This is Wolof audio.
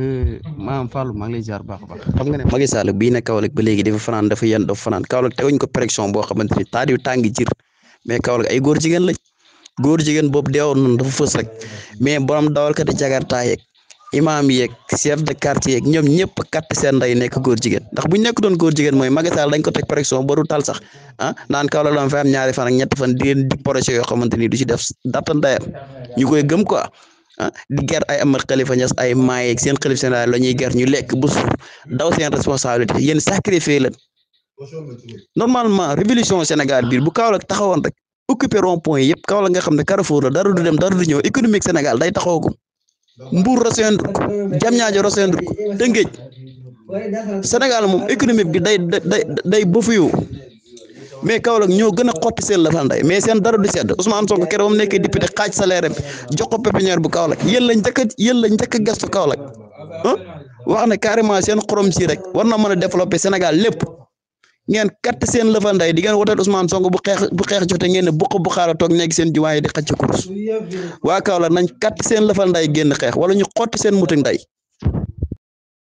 Euh, maam Fallou maa ngi lay jaar baax a baax xam nga ne Macky Sall bii ne Kaolack ba léegi dafa fanaan dafa yen dafa fanaan Kaolack teguñ ko pression boo xamante ni taa diw tàngi jir mais ay góor jigéen lañ góor jigéen boobu deewoon noonu dafa fës rek mais borom dawalkati jakarta yeeg imaam yeeg chef de quartier yeeg ñoom ñëpp katt seen ndey nekk góor jigéen ndax bu ñu doon góor jigéen mooy Macky dañ ko teg pression ba du sax ah, naan Kaolack la fa am ñaari fan Ah, di ger ay Amar Khalifa Niass ay maayeeg seen xalif seen a ñuy ger ñu lekk bu suuf daw seen responsabilité yéen sacrifié leen normalement révolution Sénégal biir bu Kaolack taxawoon rek occupé point yëpp Kaolack nga xam ne Carrefour la dara du dem dara du ñëw économique Sénégal day taxaw ko Mbour raseendu ko Diamniadio raseendu ko Tëngéej Sénégal moom économique day day day bëfuyu mais Kaolack ñoo gën a xotti seen la fanday mais seen dara du sedd Ousmane Sonko keroog ba mu nekkee député xaaj salaire bi jox ko pépinière bu Kaolack yéen la njëkk a yéen la a ah wax ne carrément seen xorom si rek war na mën a développer Sénégal lépp ngeen katt seen lëfanday di ngeen woteel Ousmane Sonko bu xeex bu xeex jote ngeen ne buq bu xaara toog nekk seen juwaay di xacc course waa Kaolack nañ katt seen lëfanday génn xeex wala ñu xotti seen mutu nday